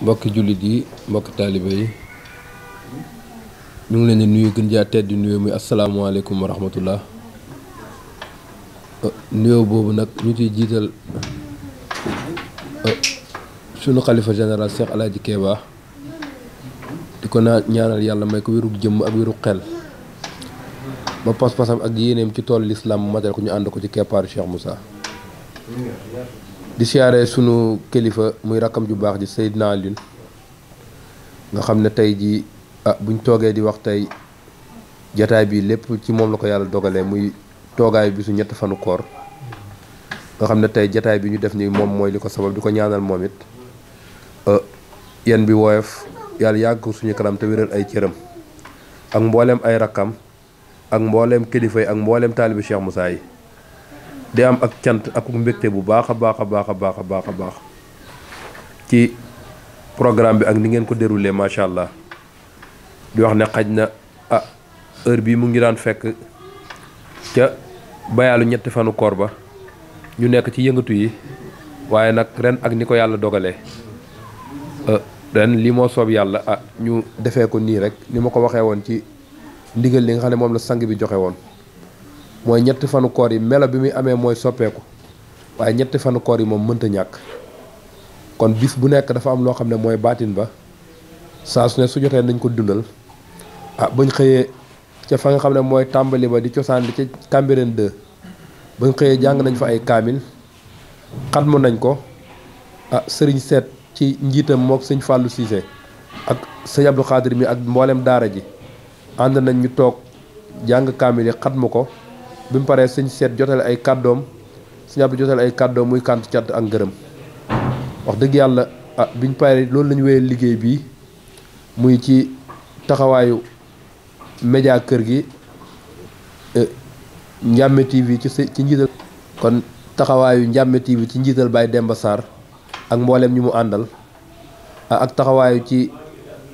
mbokki jullit yi mbokki taalibe yi ñu ngi leen di nuyu gën jaa tedd nuyu muy asalaamaaleykum wa rahmatullah euh, nuyoo boobu nag ñu ciy jiital euh, sunu xalifa général Cheikh El Hadj Kéba di ko naa ñaanal yàlla may ko wérug jëmm ak wérug xel ba pas-pasam ak yéeneem ci tool lislaam matal ko ñu ànd ko ci keppaaru Cheikh Moussa. di siyaare sunu kilifa muy rakkam ju baax ji Seydina Alioune nga xam ne tey jii ah, buñ toogee di wax tey jataay bii lépp ci moom la ko yàlla dogalee muy toogaay bi su ñett fanu koor nga xam ne tey jataay bi ñu def nii moom mooy li ko sabab di ko ñaanal moom it ah, yéen bi woyof yàlla yàgg ko suñu kanam te wéral ay cëram ak mbooleem ay rakkam ak mbooleem kilifa yi ak mbooleem taalibi Cheikh Moussa yi di am ak cant ak mbégte bu baax a baax a baax a baax a baax a baax ci programme bi ak ni ngeen ko déroulé macha allah di wax ne xaj na a ah, heure bii mu ngi daan fekk ca bayaalu ñetti fanu koor ba ñu nekk ci yëngatu yi waaye nag ren ak ni ko yàlla dogalee eh, ren lii moo soob yàlla ah ñu defee ko nii rek ni ma ko waxee woon ci ndigal li nga xam ne moom la sang bi joxe woon mooy ñetti fanu koor yi melo bi muy amee mooy soppeeku waaye ñetti fanu koor yi moom mënta ñàkk kon bis bu nekk dafa am loo xam ne mooy baatin ba saa su ne su jotee nañ ko dundal ah bañ xëyee ca fa nga xam ne mooy tàmbali ba di cosaan di ca Cambérène 2 bañ xëyee jàng nañ fa ay kaamil xatmu nañ ko a ah sëriñ seet ci njiitam mook sëñ fàllu Cissé ak sëñ Abdou Khadir mi ak mbooleem daara ji ànd nañ ñu toog jàng kaamil yi xatmu ko bi mu paree sëñ seet jotale ay kàddoom sëñ Abdou jotale ay kàddoom muy kànt ca ak ngërëm wax dëgg yàlla ah biñ paree loolu lañu ñu liggéey bi muy ci taxawaayu média kër gi eh, Ndiamé TV ci ci njiital kon taxawaayu Ndiamé TV ci njiital Baye Demba Sarr ak mboolem ñi mu àndal ah, ak taxawaayu ci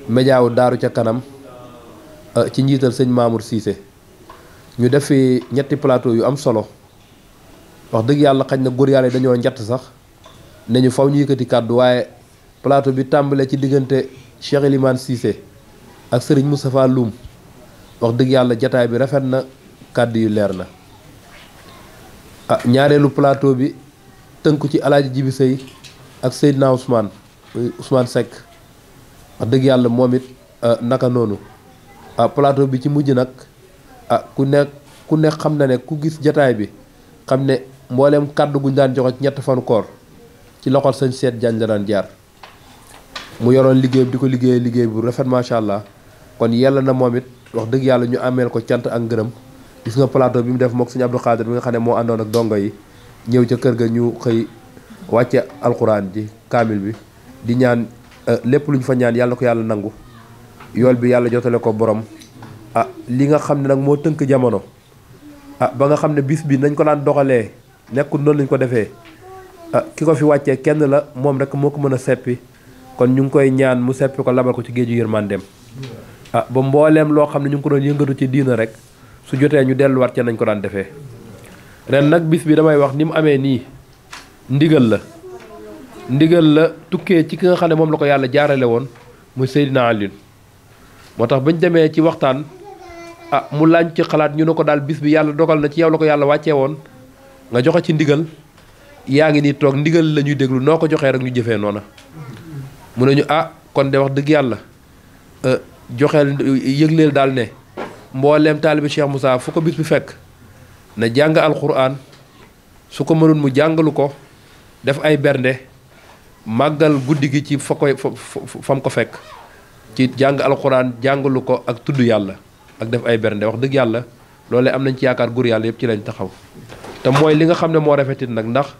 média wu daaru ca kanam ah, ci njiital sëñ Mamour Cissé ñu def fi ñetti plateau yu am solo wax dëgg yàlla xañ na góor yàlla dañoo njatt sax ne ñu faw ñu yëkkati kàddu waaye plateau bi tàmbale ci diggante Cheikh Elimane ak sëriñ Moustapha Loum wax dëgg yàlla jataay bi rafet na kàddu yu leer na ah ñaareelu plateau bi tënku ci alaaji Jibi Sey ak Seydina Ousmane Ousmane Seck wax dëgg yàlla moom it ah, naka noonu ah, palato bi ci mujj nag ah ku nekk ku nekk xam na ne ku gis jataay bi xam ne mbooleem kàddu guñ daan joxe ñett fan koor ci loxol sëñ seet jaan la daan jaar mu yoroon liggéey di ko liggéeyee liggéey bu rafet macha allah kon yàlla na moom it wax dëgg yàlla ñu ameel ko cant ak ngërëm gis nga plateau bi mu def mook sëñ Abdou Khadir bi nga xam ne moo àndoon ak dongo yi ñëw ca kër ga ñu xëy wàcce alxuraan ji kaamil bi di ñaan eh, lépp lu ñu fa ñaan yàlla ko yàlla nangu yool bi yàlla jotale ko borom a ah, li nga xam ne nag moo tënk jamono ah ba nga xam ne bis bi nañ ko daan doxalee nekkul noonu lañ ko defee ah ki ko fi wàccee kenn la moom rek moo ko mën a seppi kon ñu ngi koy ñaan mu seppi ko labal ko ci géeju dem a ah, ba mbooleem loo xam ne ñu ngi ko doon yëngatu ci diina rek su jotee ñu delluwaat ca nañ ko daan defee ren nag bis bi damay wax ni mu amee nii ndigal la ndigal la tukkee ci ki nga xam ne moom la ko yàlla jaarale woon muy Seydina Alioune moo ah mu lañ ci xalaat ñu ne ko daal bis bi yàlla dogal na ci yow la ko yàlla wàccee woon nga joxe ci ndigal yaa ngi nii toog ndigal la ñuy déglu noo ko joxee rek ñu jëfee noona mu ne ñu ah kon de wax dëgg yàlla eh, joxeel yëgleel daal ne mbooleem cheikh moussa fu ko bis bi fekk na jàng alquran su ko mënul mu jàngalu ko def ay bernde màggal guddi gi ci fa koy fam ko fekk ci jàng alquran jàngalu ko ak tudd yàlla ak def ay bernde wax dëgg yàlla loolee am nañ ci yaakaar gur yàlla yëpp ci lañ taxaw te mooy li nga xam ne moo rafetit nag ndax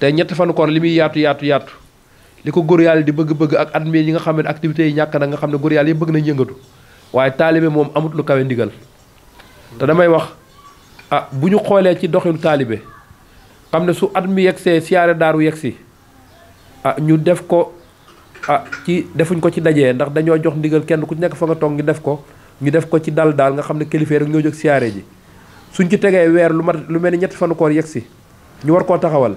te ñett fanu koor li muy yaatu yaatu yaatu li ko gur yàlla di bëgg-bëgg ak at mi yi nga xam ne activités yi ñàkk na nga xam ne gur yàlla yëpp bëgg nañ yëngatu waaye taalibe moom amut lu kawe ndigal te damay wax a ah, bu ñu xoolee ci doxinu taalibe xam ne su at mi yegsee siyaare daaru yegsi a ah, ñu def ko ah ci defuñ ko ci dajee ndax dañoo jox ndigal kenn ku nekk fa nga toog ngi def ko ñu def ko ci dal dal nga xamne ne kilifa rek ñoo jox siaré ji suñ ci tégué weer lu mat lu melni ni fan koor yegsi ñu war ko taxawal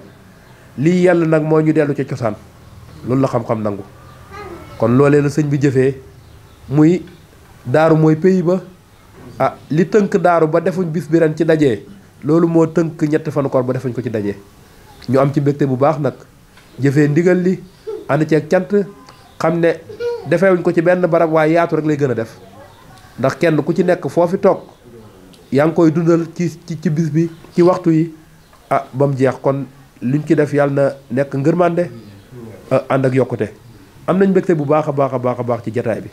li yalla nak mo ñu dellu ci ciosan loolu la xam-xam nangu kon lolé la señ bi jëfé muy daaru moy pays ba ah li teunk daaru ba defuñ bis bi ren ci dajé loolu mo teunk ñetti fan koor ba defuñ ko ci dajé ñu am ci mbégte bu baax nak jëfé ndigal li ci ak cant xamne defé wuñ ko ci benn barab waaye yaatu rek lay gëna def ndax kenn ku ci nekk foofi toog yaa ngi koy dundal ci ci bis bi ci waxtu yi a ah, ba mu jeex kon liñ ci def yàlla na nekk ngërmande ah, ànd ak yokkute am nañ mbégte bu baax a baax a baax a baax ci jataay bi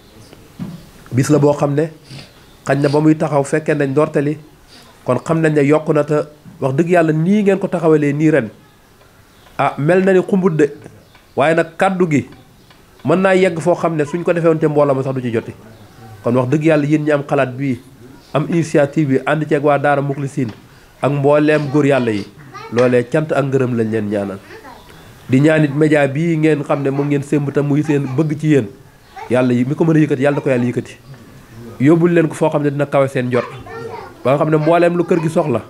bis la boo xam ne xañ na ba muy taxaw fekkee nañ ndorteli kon xam nañ ne yokk na te wax dëgg yàlla nii ngeen ko taxawalee nii ren a ah, mel na ni xumbut de waaye nag kàddu gi mën naa yegg foo xam ne suñ ko defee woon te mbooloo sax du ci joti kon wax dëgg yàlla yéen ñi am xalaat bii am initiative bi ànd ceeg waa Daara Muxlisiin ak mbooleem góor yàlla yi loolee cant ak ngërëm lañ leen ñaanal di ñaanit média bii ngeen xam ne moom ngeen sémb te muy seen bëgg ci yéen yàlla yi mi ko mën a yëkkati yàlla na ko yàlla yëkkati yóbbul leen ko foo xam ne dina kawe seen njort ba nga xam ne mbooleem lu kër gi soxla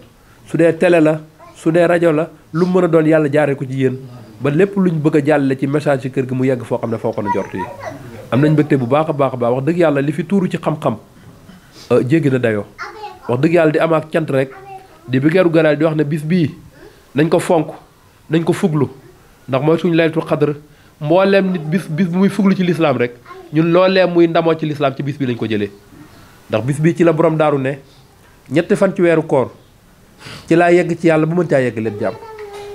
su dee tele la su dee rajo la lu mën a doon yàlla jaaree ko ci yéen ba lépp ñu bëgg a jàllale ci message ci kër gi mu yegg foo xam ne foo ko yi am nañ mbégte bu baax a baax a baax wax dëgg yàlla li fi tuuru ci xam-xam euh, jéggi na dayoo wax dëgg yàlla di am ak cant rek di bigeeru ganaar di wax ne bis bii nañ ko fonk nañ ko fuglu ndax mooy suñu laytu xadr mbooleem nit bis bis muy fuglu ci lislaam rek ñun loolee muy ndamoo ci lislaam ci bis bi lañ ko jëlee ndax bis bii ci la borom daaru ne ñetti fan ci weeru koor ci laa yegg ci yàlla bu mën caa yegg leen jàmm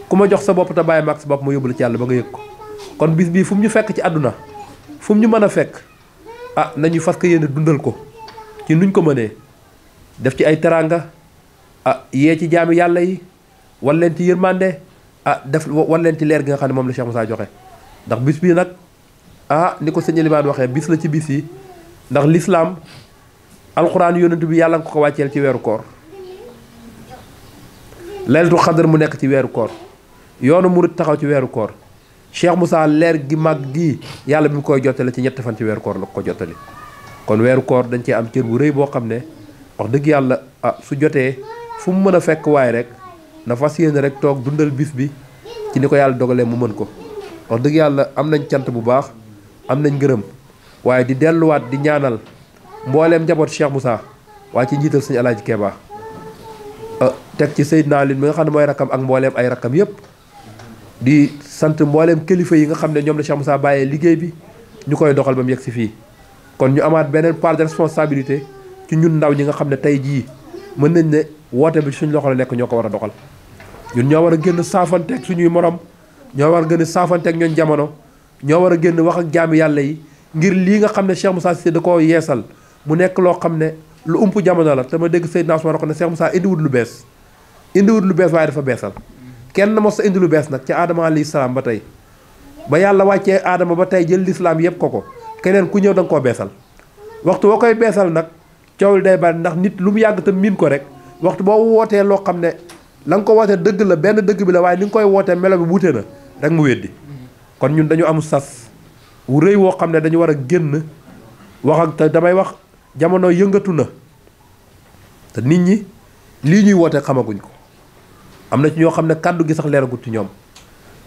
ku ma jox sa bopp te bàyyi maag sa bopp ma la ci yàlla ba nga ko ñu fekk ci àdduna fu mu ñu mën a fekk ah nañu fas yéene dundal ko ci nuñ ko mënee def ci ay teraanga a ah, yee ci jaami yàlla yi wan leen ci yërmande ah def wan leen ci leer gi nga xam ne moom la Cheikh saa joxe ndax bis bii nag ah ni ko sëñ Elimane waxee bis la ci bis yi ndax lislaam alxuraan yonent bi yàlla nga ko wàcceel ci weeru koor laylatul xadar mu nekk ci weeru koor yoonu mu murit taxaw ci weeru koor Cheikh Moussa leer gi mag gi yàlla bi mu koy jottale ci ñetti fan ci weeru koor la ko jottali kon weeru koor dañ cee am cër bu rëy boo xam ne wax dëgg yàlla ah, su jotee fu mu mën a fekk waaye rek na fas yéene rek toog dundal biis bi ci ni ko yàlla dogalee mu mën ko wax dëgg yàlla am nañ cant bu baax am nañ ngërëm waaye di delluwaat di ñaanal mbooleem njaboot Cheikh Moussa waaye ci njiital suñu alaaji Keeba ah, teg ci Seydina Alioune mi nga xam ne mooy rakkam ak ay rakkam yëpp sant mbooleem kilifa yi nga xam ne ñoom la Cheikh saa bàyyee liggéey bi ñu koy doxal ba mu yegg si fii kon ñu amaat beneen part de responsabilité ci ñun ndaw ñi nga xam ne tey jii mën nañ ne woote bi suñ loxo la nekk ñoo ko war a doxal ñun ñoo war a génn saafante suñuy morom ñoo war a gën a saafanteeg jamono ñoo war a génn wax ak jaami yàlla yi ngir lii nga xam ne Cheikh Moussa Cissé da koo yeesal mu nekk loo xam ne lu ump jamono la te ma dégg Seydina Ousmane wax ne Cheikh Moussa indiwut lu bees indiwut lu bees waaye dafa beesal kenn mosa sa indi lu bees nag ca aadama alayhi salaam ba tey ba yàlla wàccee aadama ba tey jël lislaam yëpp ko ko keneen ku ñëw da nga koo beesal waxtu boo koy beesal nag coow day bari ndax nit lu mu yàgg te miin ko rek waxtu boo wootee loo xam ne la ko wootee dëgg la benn dëgg bi la waaye ni nga koy wootee melo bi wuute na rek mu weddi kon ñun dañu amul sas wu rëy woo xam ne dañu war a génn wax ak te damay wax jamono yëngatu na te nit ñi lii ñuy woote xamaguñ ko am na ci ñoo xam ne kàddu gi sax leeragut ci ñoom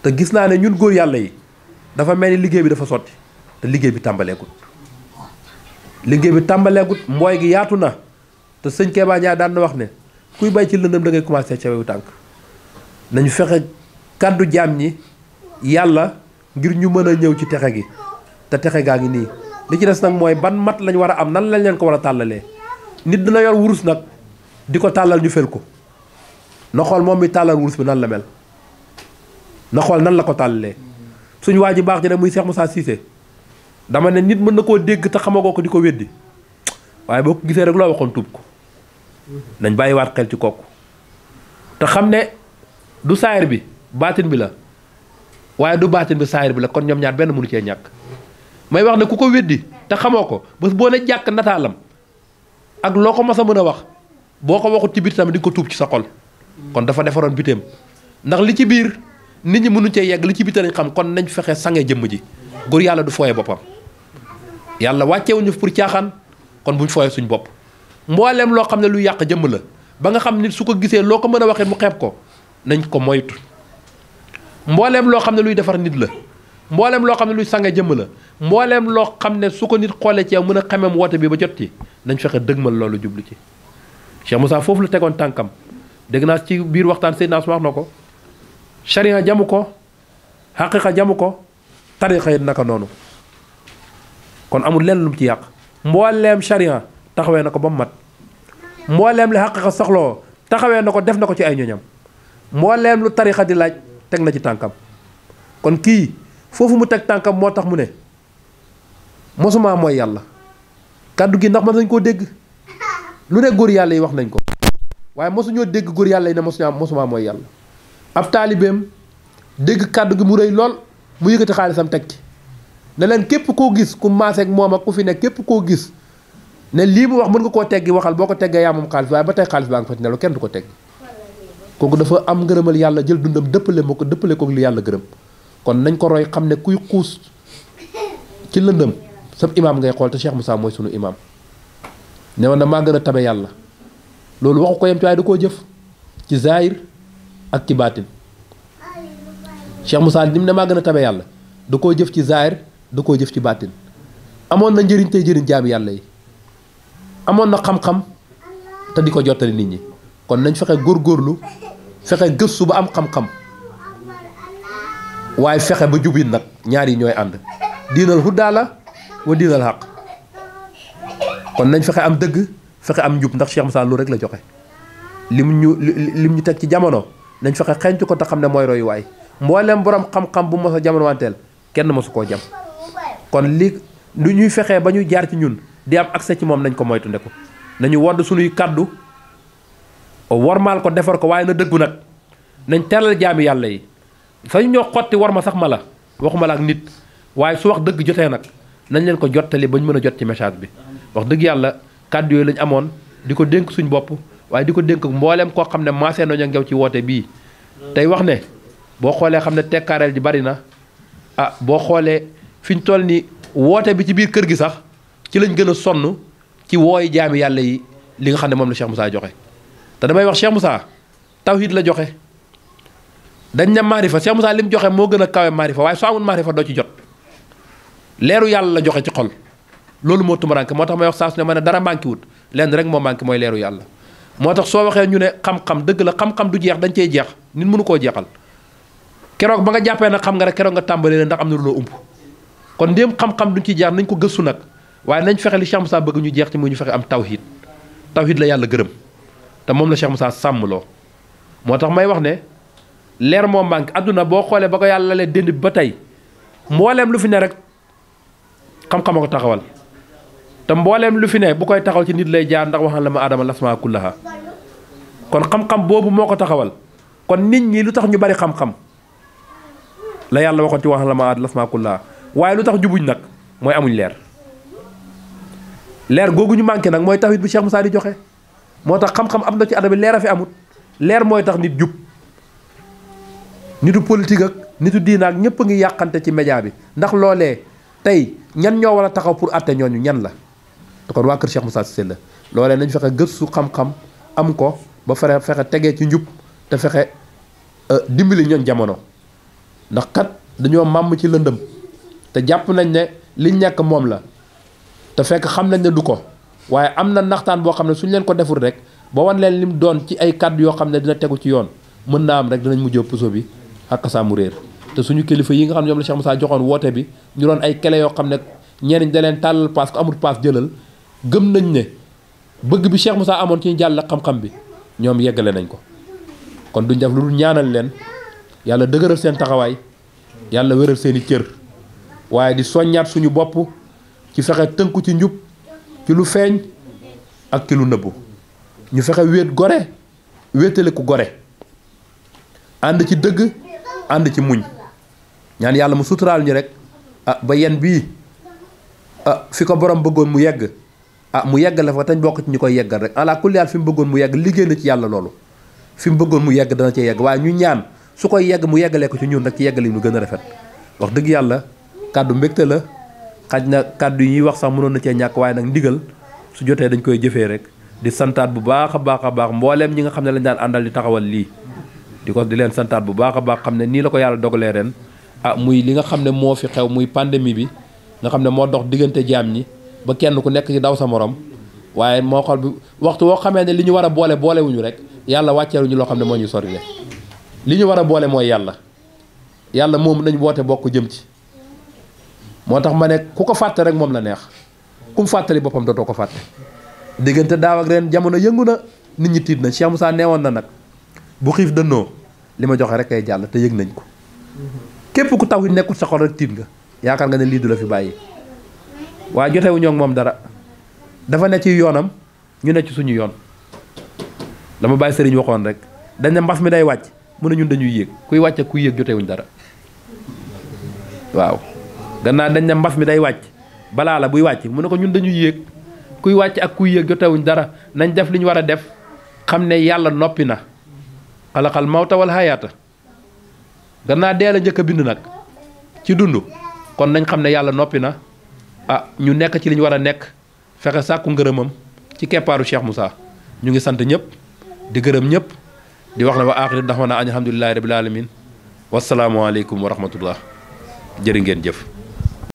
te gis naa ne ñun góor yàlla yi dafa mel ni liggéey bi dafa sotti te liggéey bi tàmbaleegut liggéey bi tàmbaleegut mbooy gi yaatu na te sëñ Keba ñaa daan wax ne kuy bay ci lëndëm da ngay commencé ca wewu tànk nañu fexe kàddu jaam ñi yàlla ngir ñu mën a ñëw ci texe gi te texe gaa ngi nii li ci des nag mooy ban mat lañ war a am nan lañ leen ko war a tàllalee nit dina yor wurus nag di ko tàllal ñu fel ko na xool moom mi tàllal wurus bi nan la mel na xool nan la ko tàllalee suñu waa ji baax ji ne muy mu saa Cissé dama ne nit mën na koo dégg te xamagoo ko di ko weddi waaye boo ko gisee rek loo waxoon tuub ko bàyyi waat xel ci kooku te xam ne du saayir bi baatin bi la waaye du baatin bi saayir bi la kon ñoom ñaar benn mënu cee ñàkk may wax ne ku ko weddi te xamoo ko bés boo ne jàkk nataalam ak loo ko mas a mën a wax boo ko waxut ci biir tamit di ko tuub ci sa xol kon dafa defaroon bitéem ndax li ci biir nit ñi mënuñ cee yegg li ci biir lañ xam kon nañ fexe sange jëmm ji góor yàlla du fooye boppam yàlla wàccewuñu pour caaxaan kon buñ fooye suñu bopp mbooleem loo xam ne lu yàq jëmm la ba nga xam nit su ko gisee loo ko mën a waxee mu xeeb ko nañ ko moytu mbooleem loo xam ne luy defar nit la mbooleem loo xam ne luy sange jëmm la mbooleem loo xam ne su ko nit xoolee ci mën a xamem woote bi ba jot ci nañ fexe dëgmal loolu jublu ci Cheikh foofu la tegoon tànkam dégg naa ci biir waxtaan Seydina su wax na ko charia jamu ko xaqiqa jamu ko tariqa yi naka noonu kon amul lenn lu ci yàq mbooleem charia taxawee na ko ba mu mat mbooleem li xaqiqa soxloo taxawee na ko def na ko ci ay ñoñam mbooleem lu tariqa di laaj teg na ci tànkam kon kii foofu mu teg tànkam moo tax mu ne mosuma mooy yàlla kàddu gi ndax mën nañ koo dégg lu ne góor yàlla yi wax nañ ko waaye mosuñoo dégg góor yàlla yi ne mosuñaa mosumaa mooy yàlla ab taalibeem dégg kàddu gi mu rëy lool mu yëkkati xaalisam teg ci ne leen képp koo gis ku maaseeg moom ak ku fi ne képp koo gis ne lii mu wax mën nga koo teggi waxal boo ko teggee yaa moom xaalis waaye ba tey xaalis baa nga fa ci nelaw kenn du ko teggi kooku dafa am ngërëmal yàlla jël dundam dëppale moo ko dëppale koog li yàlla gërëm kon nañ ko roy xam ne kuy xuus ci lëndëm sab imaam ngay xool te Cheikh Moussa mooy sunu imaam ne woon na maa yàlla loolu waxu ko yem ci waaye da koo jëf ci zaahir ak ci baatin Cheikh Moussa ni mu ne maa gën a tabe yàlla du ko jëf ci zaahir du koo jëf ci baatin amoon na njëriñ tey jëriñ jaam yàlla yi amoon na xam-xam te di ko jottali nit ñi kon nañ fexe góorlu fexe gëstu ba am xam-xam waaye fexe ba jubin nag ñaar yi ñooy ànd diinal huddaa la wa diinal xaq kon nañ fexe am dëgg fexe am njub ndax Cheikh Moussa loolu rek la joxe mu ñu lim ñu teg ci jamono nañ fexe xenc ko te xam ne mooy royuwaay mboolem borom xam-xam bu mos a kenn mosu koo jam kon li lu ñuy fexe ba ñu jaar ci ñun di am accès ci moom nañ ko moytu ne ko nañu wodd suñuy kaddu warmaal ko defar ko waaye na dëggu nag nañ teral jaami yàlla yi sañu ñoo xotti war ma sax ma la waxuma la ak nit waaye su wax dëgg jotee nag nañ leen ko jottali ba ñu mën a jot ci message bi kàddu yooyu lañ amoon di ko dénk suñ bopp waaye di ko dénk mbooleem koo xam ne maasee nañu ngew ci woote bii tey wax ne boo xoolee xam ne tekkaareel ji bari na a ah, boo xoolee fi ñu toll ni woote bi ci biir kër gi sax ci lañ gën a sonn ci wooy jaami yàlla yi li nga xam ne moom la Cheikh Moussa joxe te damay wax musaa taw tawhid la joxe dañ ne maarifa Cheikh Moussa li mu joxe moo gën a kawe fa waaye soo amul maarifa doo ci jot leeru yàlla la joxe ci xol loolu moo tumuranke moo tax may wax saa su ne ma ne dara manqué wut lenn rek moo manqué mooy leeru yàlla moo tax soo waxee ñu ne xam-xam dëgg la xam-xam du jeex dañ cey jeex nit mënu koo jeexal keroog ba nga jàppee nag xam nga rek keroog nga tàmbalee ndax am na loo ump kon ndéem xam-xam duñ ci jeex nañ ko gëstu nag waaye nañ fexe li Cheikh saa bëgg ñu jeex ci mu ñu fexe am tawhid tawhid la yàlla gërëm te moom la Cheikh Moussa sàmmloo moo tax may wax ne leer moo manqué adduna boo xoolee ba ko yàlla lee dénd ba tey mbooleem lu fi ne rek xam ko taxawal te mbooleem lu fi ne bu koy taxaw ci nit lay jaar ndax waxal ma aadama kullaha kon xam-xam bobu moko taxawal kon nit ñi lu tax ñu bari xam-xam la yalla waxon ci waxal la ma aad lasmaa kullaha waye lu tax jubuñ nak moy amuñ leer leer gogu ñu manqué nak moy tawhid bu Cheikh Moussa di joxe motax xam-xam amna ci adama leer fi amut leer moy tax nit jub nitu politique ak nitu diina ak ñepp ngi yakante ci media bi ndax lolé tay ñan ñoo wala taxaw pour atté ñan la kon waa kër Cheikh Moussa Cissé la loolee nañ fexe gëstu xam-xam am ko ba fexe fexe tegee ci njub te fexe euh, dimbili ñoon jamono ndax kat dañoo màmm ci lëndëm te jàpp nañ ne li ñekk moom la te fekk xam nañ ne du ko waaye am na naxtaan boo xam ne suñ leen ko deful rek ba wan leen lim doon ci ay kàddu yoo xam ne dina tegu ci yoon mën naa am rek dinañ mujjee puso bi ak saa mu réer te suñu kilifa yi nga xam ne ñoom la Cheikh Moussa joxoon woote bi ñu doon ay kele yoo xam ne ñenn ñi da leen tàllal paas ku amul gëm nañ ne bëgg bi mu Moussa amoon ci ñu jàll xam-xam bi ñoom yeggale nañ ko kon duñ def lu dul ñaanal leen yàlla dëgëral seen taxawaay yàlla wéral seeni i cër waaye di soññaat suñu bopp ci fexe tënku ci njub ci lu feeñ ak ci lu nëbbu ñu fexe wéet gore wéetale ku gore ànd ci dëgg ànd ci muñ ñaan yàlla mu suturaal ñu rek ah ba yen bii ah fi ko borom bëggoon mu yegg ah mu yegg la fa tan bokk ci ñukoy koy yeggal rek ala kulli al fi mu bëggoon mu yegg liggéey ci yalla lolu fi mu bëggoon mu yegg dana ci yegg waaye ñu ñaan su koy yegg mu yeggale ko ci ñun nak ci yeggali ñu gën a rafet wax dëgg yalla kaddu mbekté la xajna kaddu yi wax sax mënon na ci ñak way nak ndigal su joté dañ koy jëfé rek di santat bu baaxa baaxa baax mbolem ñi nga xamne lañ daan andal di taxawal li di ko di len santat bu baaxa a baax xamne ni la ko yalla dogalé ren ah muy li nga xamne mo fi xew muy pandémie bi nga xamne mo dox digënté jamm ñi ba kenn ku nekk ci daw sa moroom waaye moo xool bi waxtu woo xamee ne li ñu war a boole boolewuñu rek yàlla wàcceeluñu loo xam ne moo ñu sori le li ñu war a boole mooy yàlla yàlla moom nañ woote ko jëm ci moo tax ma ne ku ko fàtte rek moom la neex ku mu fàttali boppam dootoo ko fàtte diggante daaw ak ren jamono yëngu na nit ñi tiit na Cheikh Moussa neewoon na nag bu xiif dënnoo li ma joxe rek ay jàll te yëg nañ ko mhm. képp ku taw yi nekkul sa xo rek nga yaakaar nga ne lii du la fi bàyyi waaye jotewuñoo ak moom dara dafa ne ci yoonam ñu ne ci suñu yoon dama bàyyi sëriñ waxoon rek dañ ne mbas mi day wàcc mu ne dañuy yéeg kuy wàcc ak kuy dara waaw gannaaw dañ ne mbas mi day wàcc balaa la buy wàcc mu ne ko ñun dañuy yéeg kuy wàcc ak kuy yéeg jotewuñ dara nañ def li ñu war a def xam ne yàlla noppi na xalaxal mawta wal hayaata gannaaw dee la njëkk a bind nag ci dund kon nañ xam ne yàlla noppi na ah ñu nekk ci li ñu war a nekk fexe sàkku ngërëmam ci keppaaru Cheikh Moussa ñu ngi sant ñëpp di gërëm ñëpp di wax na wa aaxiri ndax ma naa añ alhamdulilahi rabil alamin wasalaamualeykum wa rahmatullah jëri ngeen jëf